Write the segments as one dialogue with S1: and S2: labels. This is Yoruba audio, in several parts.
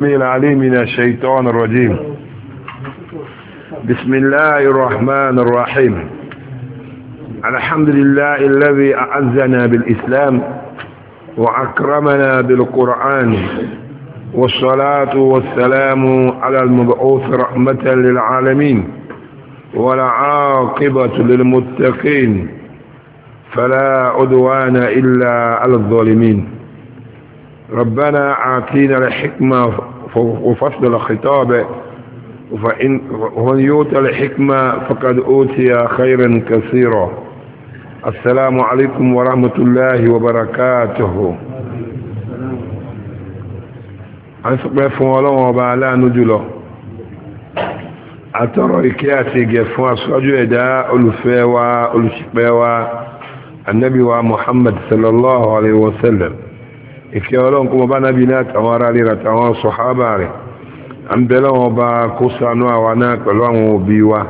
S1: من عليه من الشيطان الرجيم بسم الله الرحمن الرحيم الحمد لله الذي أعزنا بالإسلام وأكرمنا بالقرآن والصلاة والسلام على المبعوث رحمة للعالمين والعاقبة للمتقين فلا عدوان إلا على الظالمين ربنا أعطينا الحكمة وفصل الخطاب فإن يؤتى الحكمة فقد أوتي خيرا كثيرا السلام عليكم ورحمة الله وبركاته أسقى الله وبعلا نجله أترى إكياتي جفوا سواجه داء الفاوى الشقاوى النبي محمد صلى الله عليه وسلم ìfẹ́ ọlọ́run kó mọ bá nábi náà tàwọn ará lè ràtàwọn sọ̀hábà rẹ̀ à ń bẹ̀rẹ̀ wọn bá kó ṣàánú àwa náà pẹ̀lú àwọn òbí wa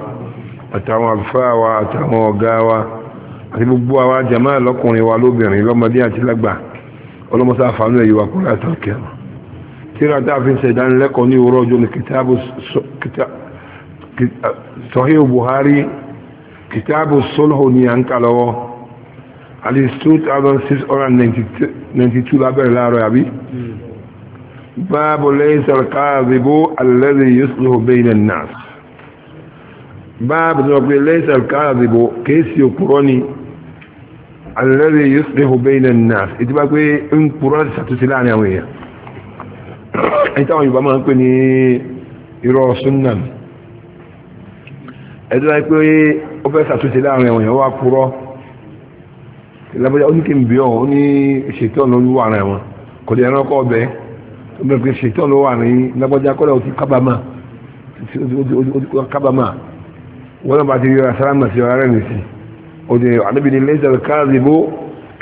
S1: àtàwọn àlùfáà wa àtàwọn ọ̀gá wa àti gbogbo àwa jàmáà lọ́kùnrin wa lóbìnrin lọ́mọdé àti lágbà ọlọ́mọsá àti 2692 lábẹ́rẹ̀ láàrọ̀ àbí báàbù lẹ́yìn sàrkàzìbó alẹ́rẹ̀ yóò bẹ́yìn náà báàbù ní ọkùnrin lẹ́yìn sàrkàzìbó kéèsì òkúrọ́ ni alẹ́rẹ̀ yóò bẹ́yìn náà ìdí bá pé ń kúrọ́ sàtúnṣe láàrin àwọn èèyàn ẹni táwọn Yorùbá máa ń pè ní irọ́ súnnà ẹ̀dọ́ pé ó fẹ́ sàtúnṣe láàrin àwọn èèyàn wá kúrọ́ lábọ́já ó ní kí n bí ọ̀ ó ní ṣètọ́ lórí wà rẹ̀ wọn kò lè ẹran kọ́ ọbẹ̀ tó bẹ̀rẹ̀ pé ṣètọ́ ló wà ní lábọ́já kọ́lẹ̀ ó ti kábàámà kábàámà wọ́n náà bá ti yọra sálámà sí ọ̀rá rẹ̀ nìsí ó ní àdébí ni lẹ́sẹ̀ káàdì bó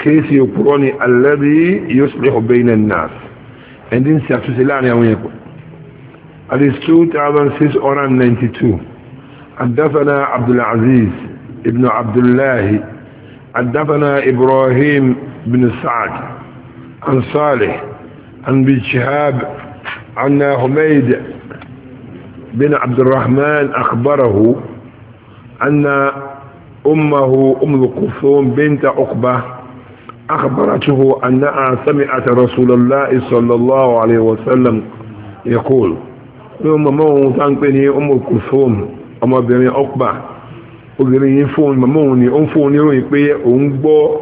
S1: kéèsì òpùrọ́ ni alẹ́bí yóò sì lè ọbẹ̀ iná nàás ẹni ń ṣàtúnṣe láàrin àwọn yẹn at is 2692 حدثنا عبد العزيز ابن عبد الله حدثنا إبراهيم بن سعد عن صالح عن بن شهاب عن حميد بن عبد الرحمن أخبره أن أمه أم كلثوم بنت عقبة أخبرته أنها سمعت رسول الله صلى الله عليه وسلم يقول أم موتان أم كلثوم أما بني عقبة obìnrin yìí fóun màmá òun ni ó ń fóun ní ròyìn pé òun gbọ́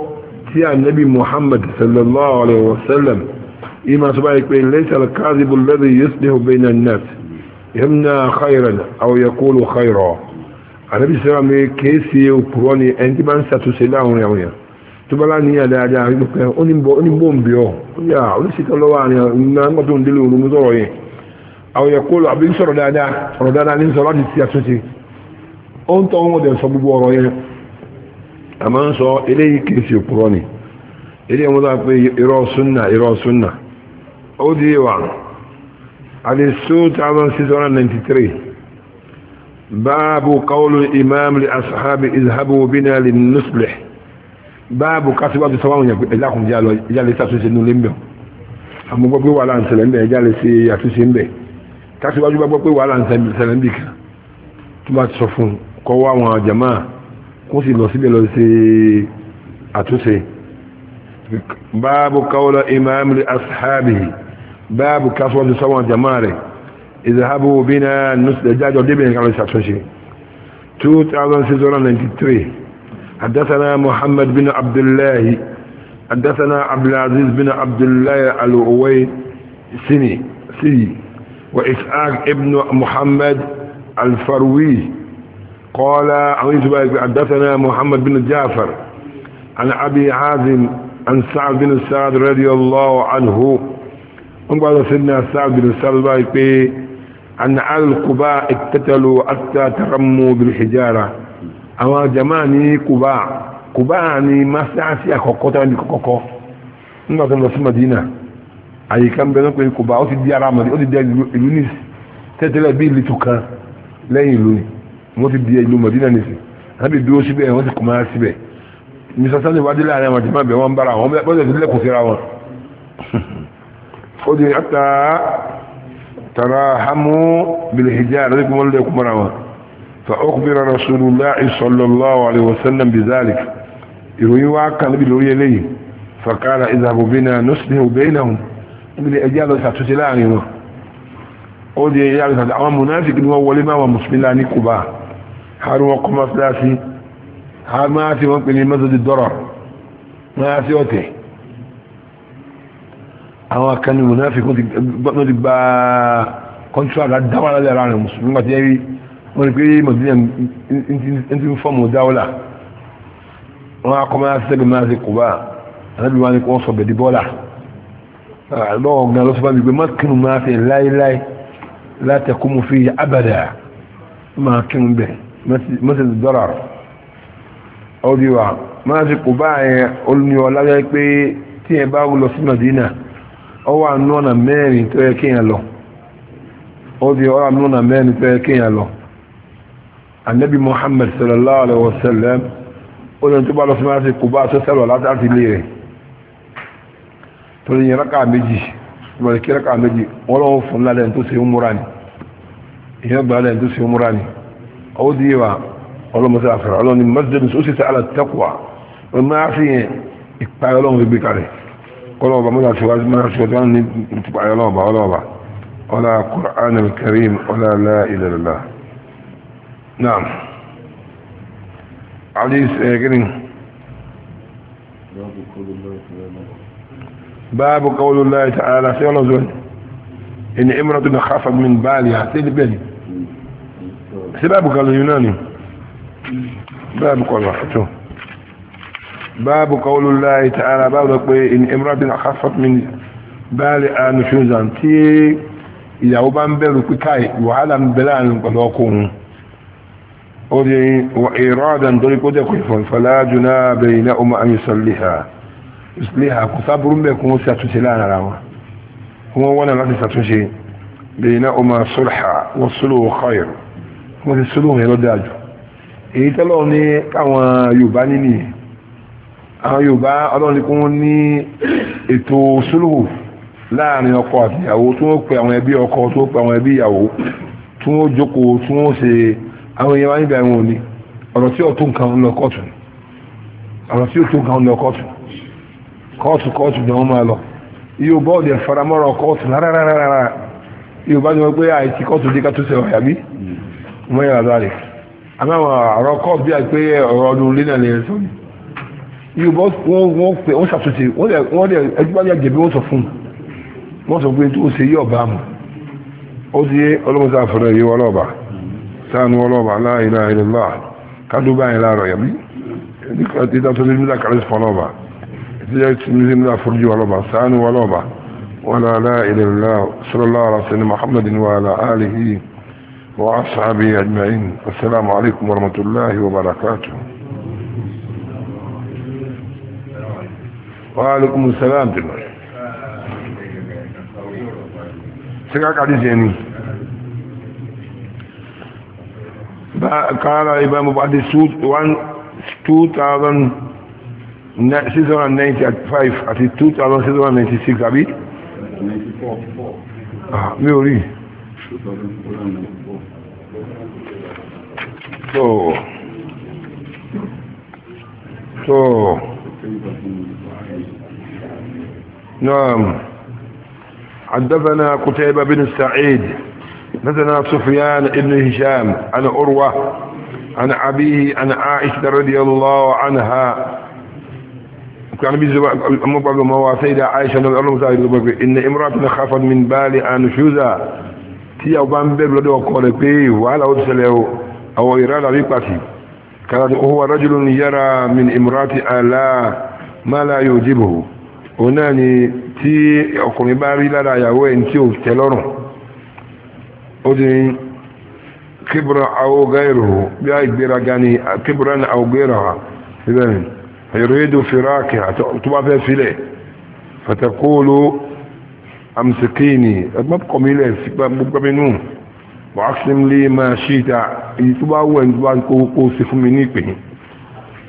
S1: tí ànábì muhammad sallallahu alayhi wa sallam ìmọ̀ sọ báyìí pé laysa al-kadhibu alladhi yuslihu bayna an-nas yamna khayran aw yaqulu khayran ànábì sọ́ra mi kìí ṣe òkúrọ́ ni ẹni tí máa ń ṣàtúnṣe láwọn àwọn yẹn tó bá láni àdáadáa wípé ó ní bó ń bí ọ yà oníṣìṣẹ́ lọ́wọ́ àrìn náà ń tó ń délé òru mú sọ̀rọ̀ yẹn aw yaqulu àbí sọ̀rọ̀ dáadáa sọ̀rọ̀ dáadáa ní sọ láti ṣe àtúnṣe ó ń tọ́ wọn dẹ̀ sọ gbogbo ọ̀rọ̀ yẹn a máa ń sọ eléyìí kìí sí òpùrọ́ ni eléyìí wọ́n dáa pé irọ́ súnà irọ́ súnà ó di wà àdìsú 2693 báàbù kawlu imam li asahabi izhabu bina li nuslih báàbù kásíwá tó sọ́wọ́n yẹn ẹ̀dá kùn jálọ ìjálẹ̀ sàtúnṣe nílé ń àmúgbọ́ pé wàhálà ń ṣẹlẹ̀ ń ìjálẹ̀ sí àtúnṣe ń kásíwájú bá gbọ́ pé wàhálà ń ṣẹlẹ̀ ń kan tó bá ti sọ fún un kọ́ wá wọn jama kó sì lọ síbẹ̀ lọ sí àtúnṣe báàbù kawla imam li ashabihi báàbù kásọ́ ti sọ́wọ́n jama rẹ̀ ìzàhábù bínà nùsùlẹ̀jájọ́ débìnrin kan lọ محمد بن عبد الله حدثنا عبد العزيز بن عبد الله الأوي سني سي وإسحاق ابن محمد الفروي قال عن حدثنا محمد بن جعفر عن أبي عازم عن سعد بن سعد رضي الله عنه وقال سيدنا سعد بن سعد أن أهل القباء اقتتلوا حتى ترموا بالحجارة أما جماني قباء قباء ni masasi àkọ́kọ́ tan di kokoko nígbà tó lọ sí Madina ayi kan be ko Kuba ó ti di ara Madina ó ti di ìlú Nis tẹ́tẹ́lẹ̀ bí ìlú tukan lẹ́yìn ìlú ni wọ́n ti di ìlú Madina nìsí àbí dúró síbẹ̀ wọ́n ti kùmá síbẹ̀ misasa ni wájú láàrin àwọn jẹ́mọ́ bẹ̀ wọ́n bára wọn bọ́sẹ̀ sí lẹ́kùn síra wọn ó di ata tara hamu bil hijab rẹ̀ kúmọ́ lẹ́kùn mọ́ra wọn fa okubira rasulullah sallallahu alaihi wasallam bi zalik ìròyìn wa kan níbi lórí eléyìí fakara ìzàbò bina nuslihu bainahum níbi ẹjẹ́ àlọ́ ṣàtúnṣe láàrin wọn ó di ẹjẹ́ àlọ́ àwọn munafik ni wọ́n wọlé máa wọn mùsùlùmí lá ní Kùbá àrù wọn kọ́ mọ́sálásí máa tí wọ́n pè ní mẹ́sọ̀dì dọ́rọ̀ máa tí ọ̀tẹ̀ àwọn akẹni mùnáfikún ti gba kọ́ntúrà dáwà lálẹ́ ara rẹ̀ mùsùlùmí pàtí ẹ̀rí wọ́n rí pé mọ̀dínà ń ti ń fọ́ọ̀mù dáwọ́là wọ́n akọ́ máa ti sẹ́gbẹ̀ máa ti kù bá àlábì wọn ni wọ́n sọ bẹ̀dì bọ́là lọ́wọ́ gan ló sọ bá mi pé mákìnnù máa fi láéláé látẹ̀kùn mu fi abàdà máa kírun bẹ̀rẹ̀ mọ́sílì dọ́là ọdí wa máa ṣe kò bá yẹn olùyọ lábẹ́ pé tí ẹ bá lọ sí Madina ọ wà nú ọ̀nà mẹ́rin tó yẹ kéèyàn lọ ọdí ọ wà nú ọ̀nà mẹ́rin tó yẹ kéèyàn lọ anabi Muhammad sallallahu alaihi wa sallam olùyọ tó bá lọ sí máa ṣe kò bá aṣọ sẹ́lọ̀ láti ilé rẹ̀ torí yẹn rákà méjì ìmọ̀lẹ́kí rákà méjì wọ́n lọ́wọ́ fún lálẹ́ tó ṣe ń múra ni ìyẹn gbà lẹ́yìn tó ṣe ń múra ni. أودي و الله مسافر على ان مسجد اسس على التقوى وما في يقالون بكره قالوا ما نعرف شو ما نعرف شو كان يقالوا ما ولا ولا القران الكريم ولا لا اله الا الله نعم عليس اجرين باب قول الله تعالى في الله زوج ان امرأة خافت من بالها سيد بالي, ṣe báàbù kan lóyún náà ni báàbù kan lọ àtọ báàbù kan olùlá ìta ara báàbù lọ pé ní emiratin akásọ́tìmí báàlì anusunzan tí ìyàwó bá ń bẹ̀rù pé káì wàhálà ń bẹ láàrin pẹ̀lú ọkọ òun ó di ìrọ́dà nítorí kó dẹ̀kọ̀ ìfọ̀n fọlájú náà bẹ̀rẹ̀ iná ọmọ ayùsọ̀lẹ́hà ìsọ̀lẹ́hà kò sábúrú mẹ́kún náà bẹ̀rẹ̀ wọ́n ti sọ́lọ́ yẹn lọ́dọ̀ àjò èyí tẹ́lọ̀ ní káwọn yorùbá nínú yẹn àwọn yorùbá ọlọ́run kún ní ètò sọ́lọ́ láàrin ọkọ àtìyàwó tí wọ́n pe àwọn ẹbí ọkọ tí wọ́n pe àwọn ẹbí ìyàwó tí wọ́n jókòó tí wọ́n ṣe àwọn èèyàn wá níbẹ̀ àwọn òní ọ̀rọ̀ tí ọ̀tún kan ń lọ kọ́ọ̀tù ọ̀rọ̀ tí ọ̀tún kan ń lọ kọ́ọ̀tù kọ́ọ̀tù kọ́ọ̀tù ni wọ́n máa lọ yóò bọ́ọ̀dì ẹ̀fọ́ramọ́rọ̀ kọ́ọ̀tù rárá rárá yóò bá ní wọ́n pé àìsí kọ́ọ̀tù dé tó ṣe ọ̀yà bí wọ́n yàrá dáre àmọ́ ọ̀rọ̀ kọ́ bí i pé ọ̀rọ̀ ọdún lẹ́nà lè sọ ni yorùbá wọ́n pè wọ́n ṣàtúnṣe wọ́n dẹ̀ ẹgbẹ́gbẹ́ jẹ̀bi wọ́n sọ fún wọ́n sọ pé tó ṣe yí ọ̀bá mu ó sì yé ọlọ́mọsá àfẹ́rẹ́ yìí wọ́n lọ́ọ̀bà sáànù ọlọ́ọ̀bà la ilaha illallah kádó báyìí láàrọ̀ yẹ̀mí nígbà tó ní mílá kàrí fún ọlọ́ọ̀bà ìtìjẹ́ ní mílá foríjì ọlọ́ọ̀bà sáànù ọlọ́ọ̀bà wala la ilaha illallah sallallahu alaihi wa sallam muhammadin wa ala alihi وأصحابه أجمعين السلام عليكم ورحمة الله وبركاته وعليكم السلام جمال سكاك علي قال إمام بعد السود 2695 àti 2696 àbí? mi ò rí
S2: 2004 تو
S1: تو نعم حدثنا قتيبة بن سعيد حدثنا سفيان بن هشام عن أروة عن أبيه عن عائشة رضي الله عنها كان بيزوا مبعض مواسيد عائشة رضي الله عنها إن امرأة خافت من بالي أن شوزا تي أو بان بيب لدو قولي بي وعلى أدسل أو إرادة ريقتي كان هو رجل يرى من امرأة ألا ما لا يوجبه هناني تي أقومي باري لا يوين تي تلونه أدني كبر أو غيره بأي برقاني كبر أو غيرها إذن يريد فراكها تبقى في ليه فتقول أمسكيني ما بقومي ليه بقومي نوم wàásìm lè máa ṣe ìta èyí tó bá wẹ̀ tó bá ń kówó kó sí fún mi ní ìpè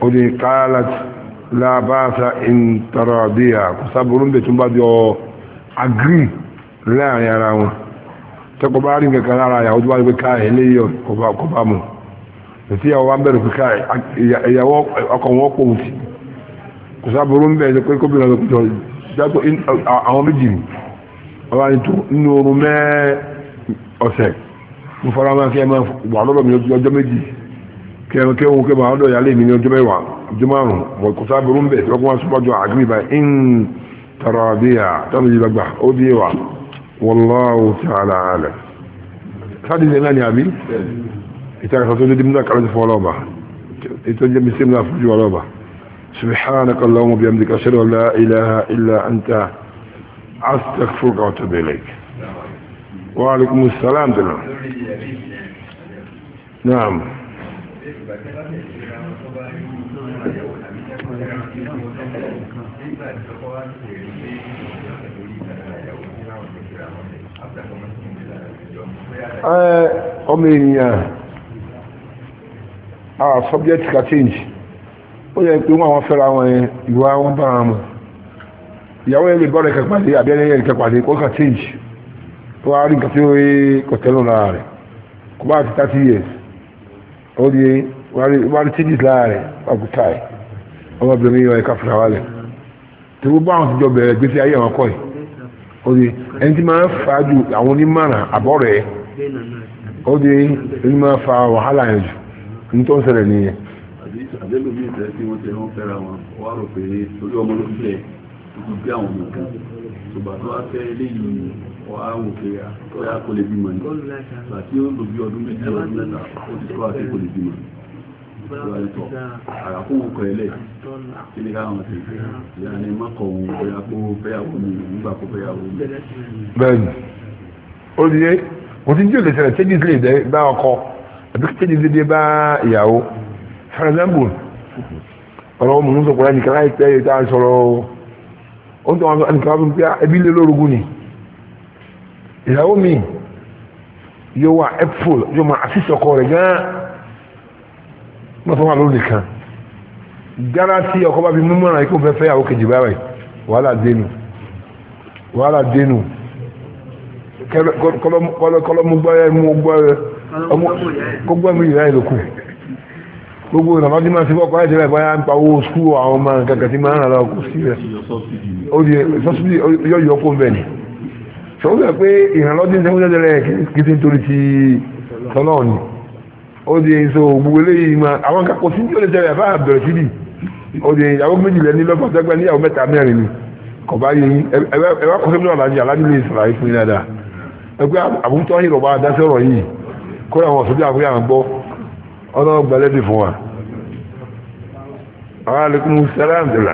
S1: ó ní káàlá lábáàsá ìntàràdíà kò sábòrò ń bẹ̀ tó bá di ọ agri láàrin ara wọn tẹ́kọ̀ bá rí nǹkan lára ìyàwó tó bá rí pé káàyè léyìí kò bá mu tí àwọn abẹ́rẹ̀ fi káà ìyàwó ọkọ̀ wọn pọ̀ wùtì kò sáàbùrú ń bẹ̀ẹ̀ pé kó bìnrin ọ̀sẹ̀ mo fara máa kí ẹ máa wà lọ́dọ̀ mi lọ́jọ́ méjì kí ẹnu kéwọn kí máa lọ́dọ̀ ìyálé mi ní ọjọ́ mẹ́wàá ọjọ́ márùn mo kò sáà burú bẹ̀ lọ́kọ́ wọn súnmọ́jọ àgbẹ̀ ìbá in tọrọ àbíyà tọ́nu yìí gbàgbà ó di wa wallahu ta'ala alam sádìsẹ̀ náà ni àbí ìtàkàtà tó dédé múlá kàlọ́jì fún ọlọ́ọ̀bà ètò jẹ́ mi sẹ́mi náà fún ju ọlọ́ọ̀bà subhanaka allahumma ilaha illa anta astaghfiruka wa atubu وعليكم السلام دلوقتي نعم ọmọ ènìyàn ah subject ka change ó yẹ pé wọ́n àwọn fẹ́ra wọn yẹn ìwà wọn bá wọn mọ̀ ìyàwó yẹn lè bọ́ọ̀rẹ̀ kẹpàdé àbẹ́rẹ́ yẹn kẹpàdé ó ka change tó wá rí nǹkan tí ó rí lára rẹ̀ years ó di wá rí changes lára rẹ̀ ọkùtà ẹ̀ ọmọbìnrin yọ ẹ̀ka fúnra wálẹ̀ tó gbogbo àwọn jọ bẹ̀rẹ̀ gbèsè ayé àwọn kọ́ ó di ẹni tí máa ń fa ju àwọn onímọ̀ràn àbọ̀ rẹ̀ ó di ẹni máa fa wàhálà yẹn jù ní
S2: àwò pé ọ̀yá ah, kò lè bímọ ní àti ó lò bí ọdún méjì ọdún mẹ́ta ó ti tó àti kò lè bímọ ìtọ́ àràkóhùn kọ̀ẹ́lẹ̀ tí ní káwọn ti ìyàní mọ́kọ̀ ohun ọ̀yá kó fẹ́yàwó mi nígbà kó fẹ́yàwó mi. bẹ́ẹ̀ni
S1: ó di yé kò sí jíò lè ṣẹlẹ̀ changes lè dé bá ọkọ àbí changes lè dé bá ìyàwó for example ọ̀rọ̀ mò ń sọ̀kọ̀ láti kí láìpẹ́ yìí tá a sọ̀rọ̀ ó ń tọ́ wọn sọ ẹnìkan wọn fi ń pẹ́ ẹbí lé lórogún ni ìyàwó mi yóò wà helpful yóò máa assist ọkọ rẹ̀ gan-an mọ́tò wà lónìí kan gara tí ọkọ bá fi mímọ́ ra ikú fẹ́fẹ́ àwọn kejì báyìí wàhálà dénú wàhálà dénú kọlọmú gbọ́yẹ mú gbọ́yẹ gbogbo ẹ̀mí ìyá ìlòkù gbogbo ìrànlọ́ tí máa fi ọkọ̀ ẹ̀jẹ̀ rẹ̀ báyà ń pa owó skúù àwọn ọmọ kẹ̀kẹ́ tí máa ń rà lọ́kù sí rẹ̀ ó di sọ́sídì yọ̀yọ̀ kó bẹ̀ ni sọ̀rọ̀ sọ pé ìrànlọ́dún tẹ́kùn jẹ́jẹrẹ kìí ṣe nítorí ti tọ́lọ́ ni ó di èso gbogbo eléyìí ma àwọn nǹkan kò sí ní olè tẹ́lẹ̀ àbá bẹ̀rẹ̀ síbi ó di ìyàwó méjìlẹ̀ ní lọ́fọ̀ tẹ́gbẹ́ níyàwó mẹ́ta mẹ́rin ni kò bá yẹ yín ẹ wá kó sẹ́mi ọ̀làjì alájú lè sọ̀rọ̀ ayé fún yín dáadáa ẹ pé àbútọ́ yìí rọ̀bà dá sọ̀rọ̀ yìí kó àwọn ọ̀sọ́jú àkóyà ń gbọ́ ọlọ́run gbalẹ́dì fún wa.
S2: àwọn alẹ́kùn sẹ́lá ń dìlà.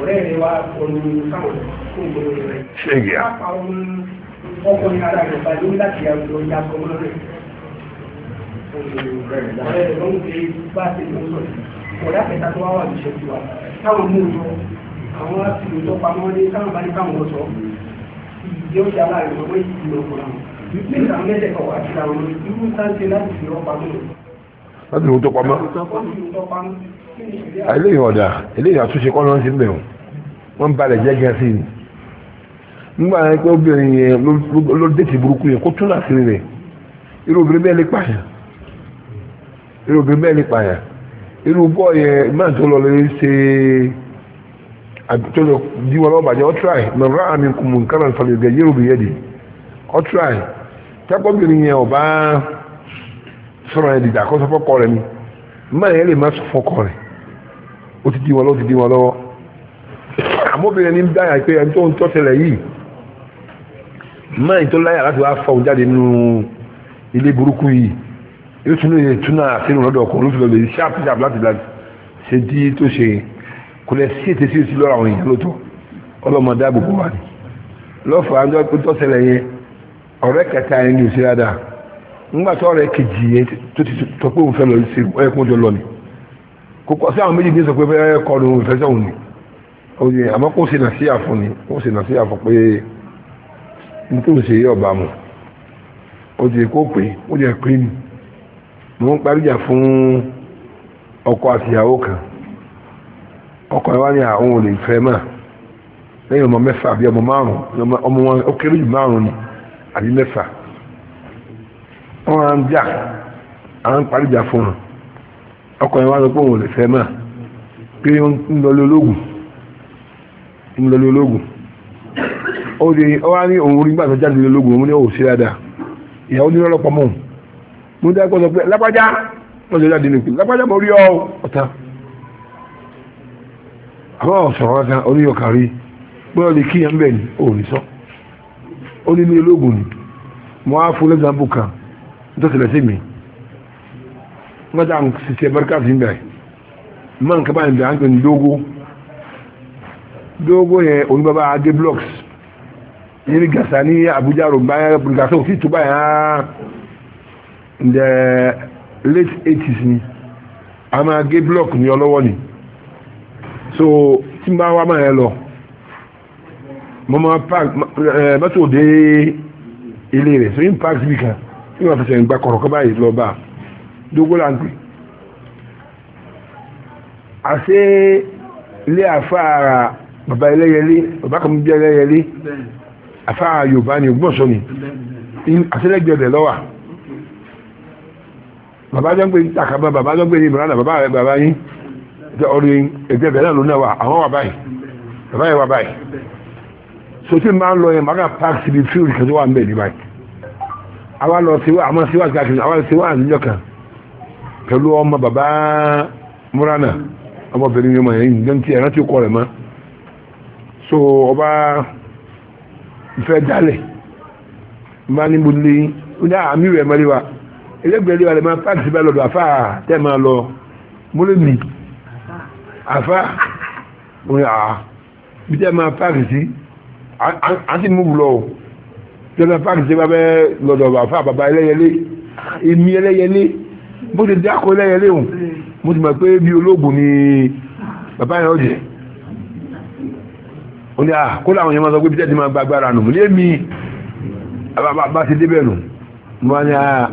S2: ọ̀rẹ́ rẹ̀ wá ọ̀nà káwọn fún ìgbòho rẹ̀. ṣé ìyá. kápá ohun ọkùnrin ara rẹ̀ bá lórí láti àwùjọ ìyá ọmọ rẹ̀. ọ̀rẹ́ rẹ̀ ló ń gbé bá a ti lọ sọ̀rọ̀ ọ̀dà kẹta tó wá wà ní ṣẹ́jú wa táwọn mú un lọ àwọn àti ìlú tó pamọ́ ní táwọn bá ní káwọn sọ ìdí ọkùnrin nígbà eléyìí
S1: ọ̀dà eléyìí àtúnṣe kọ́ lọ́n ti ń bẹ̀rù wọ́n balẹ̀ jẹ́ gan nígbà yẹn pé obìnrin yẹn ló déètì burúkú yẹn kó tún àṣírí rẹ̀ irú obìnrin bẹ́ẹ̀ pààyàn irú obìnrin bẹ́ẹ̀ pààyàn irú bọ́ yẹn máa tó lọ lè ṣe ọ́tíráì àmì kùmù yẹ́rù bìyẹ́ di ọ́tíráì yẹn ọba sọ̀rọ̀ yẹn kó sọ fọ́kọ rẹ̀ ni máa yẹn lè má sọ ó ti di wọn lọ́wọ́ ti di wọn lọ́wọ́ àmóbìnrin ní dáyà pé ẹni tó ń tọ́tẹ̀lẹ̀ yìí máa ń tó láyà láti wá fọ́ jáde nínú ilé burúkú yìí yóò tún lè tún náà sínú lọ́dọ̀ ọkùnrin lóṣù lọ́dọ̀ yìí ṣáàpù ṣáàpù láti láti ṣe tí tó ṣe kò lẹ̀ sí ètè sí òsì lọ́ra àwọn èèyàn lótọ́ ọlọ́mọdé àbùkù wà ní lọ́fàá ń tọ́tẹ̀lẹ̀ yẹn ọ̀rẹ́ kẹta ẹni ò sí dáadáa ńgbà tó ọ̀rẹ́ kejì yẹn tó ti tọ́ pé òun fẹ́ lọ sí ẹkún jọ lọ ni kókó sí àwọn méjì ní sọ pé fẹ́ kọlu ìfẹsẹ̀ òní oye àmọ́ kó sì nà sí àfún ni kó sì nà sí àfún pé n tó ń ṣe yé ọba ó ti kó pé ó jẹ pé ni mo ń parí jà fún ọkọ àtìyàwó kan ọkọ ẹ wá ní àwọn olè ìfẹ́ mà lẹ́yìn ọmọ mẹ́fà àbí ọmọ márùn ọmọ wọn ó kéré jù márùn ni àbí mẹ́fà wọn à ń jà à ń parí jà fún wọn ọkọ̀ yẹn wá lọ pé òun ò lè fẹ́ máa pé wọ́n ń lọ lé ológun ń lọ lé ológun ó di ọwá ní òun rí gbàtọ̀ jáde lé ológun òun ní òun sí dáadáa ìyàwó ní lọ́lọ́pọ̀ mọ́ mo dá ẹgbẹ́ sọ pé lápájá wọ́n lè jáde nìkú lápájá mo rí ọ ọ̀tá àwọn ọ̀sọ̀rọ̀ kan oníyọ̀kà rí pé ọ lè kíyàn bẹ́ẹ̀ ni òun ní sọ ó ní ní ológun ni mo á fún lẹ́gbàmbù kan tó tẹ̀lẹ̀ mi wọ́n tà ń ṣiṣẹ́ barka fi ń bẹ̀rẹ̀ mọ́ nǹkan báyìí bẹ̀rẹ̀ à ń pè ní baba dógó yẹn oníbàbà adé blocks yìí ní gàṣà ní Abuja rògbà gàṣà òfin tó báyìí hàn in the late 80s ni a máa gé block ní ọlọ́wọ́ ni so tí n bá wá máa yẹn lọ mo máa park mọ́tò dé ilé rẹ̀ so yín park síbi kan yín máa fẹsẹ̀ ń gba kọ̀rọ̀kọ̀ báyìí lọ bá a dógó là ń pè àṣé ilé àfáà bàbá ẹlẹ́yẹlé bàbá kan bí ẹlẹ́yẹlé àfáà yorùbá ni ògbọ́nsọ ni àṣẹlẹ́gbẹ̀rẹ̀ lọ́wà bàbá jọ ń pè takaba bàbá jọ ń pè ní ìmọ̀ràn bàbá rẹ̀ bàbá yín ọ̀rẹ́ ẹgbẹ̀rẹ̀ náà ló náà wà àwọn wà báyìí bàbá yẹn wà báyìí sotí máa ń lọ yẹn màá park síbi fíìlì kan tó ń bẹ̀ ní báyìí lọ síwá àmọ́ síwá kí a kì í àwa síwá àníjọ kan pẹ̀lú ọmọ bàbá múránà ọmọbìnrin yọmọ yẹn nǹkan tí ẹ̀rántí kọ rẹ̀ mọ́ so ọba ìfẹ́ dálẹ̀ bá ní mo lé ó ní ah, àmì rẹ̀ mọ́lé wa ẹlẹ́gbẹ̀ẹ́ lé wa lè máa pààkì síbẹ̀ lọ́dọ̀ àfà tẹ́ máa lọ múlẹ̀ mi àfà òun yà á bí tẹ́ máa pààkì sí à mú wùlọ o tẹ́ máa pààkì sí bàbá lọ́dọ̀ àfà bàbá ẹlẹ́yẹlé èmi ẹlẹ́yẹlé. bó ti dé akọ lẹ́yìn léhùn mo ti pé bí ológun ni bàbá yẹn ó jẹ́ ó ní à kó làwọn yẹn máa sọ pé bí tẹ́tí máa gba agbára nù bá ti débẹ̀ nù mo máa ní à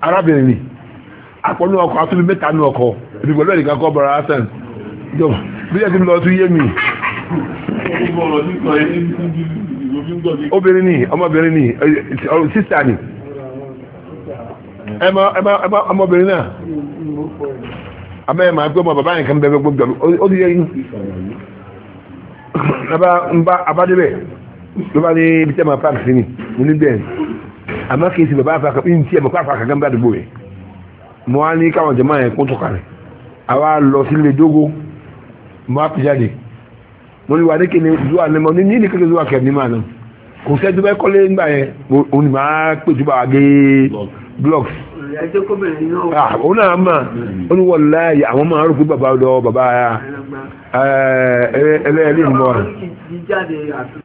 S1: arábìnrin ni akọ̀nù ọkọ̀ àtúbí mẹ́ta nù ọkọ̀ ibi pẹ̀lú ẹ̀dì kan kọ́ bọ̀rọ̀ bí lọ tún yé mi. obìnrin ni ọmọbìnrin ni ni ọmọbìnrin náà abẹ́rẹ́ máa gbé ọmọ bàbá yẹn kan bẹ́ẹ̀ gbogbo ó ti yẹ yín bàbá ń bá abádébẹ̀ ló bá ní ibi tí a máa pààkì sí ni mo ní bẹ́ẹ̀ àmọ́ kì í bàbá àfàkà ní tí a máa pààkì àkàkà ń bá àdúgbò yẹn mo á ní káwọn jẹ̀mọ́ yẹn kó tó kalẹ̀ àwa lọ sílé dógó mo á pìjáde mo ní wà ní kíni zuwa ní mo ní ní ní kékeré zuwa kẹ̀ ní màá náà kò sẹ́jú bẹ́ẹ̀ kọ́lé ńgbà yẹn mo ní màá pèjú bàá gé blocks. òun náà mà wala ya wọ́n láàyè àwọn máa ń rò pé bàbá lọ bàbá ẹlẹ́ẹ̀lẹ́ ìmọ̀
S2: rẹ̀.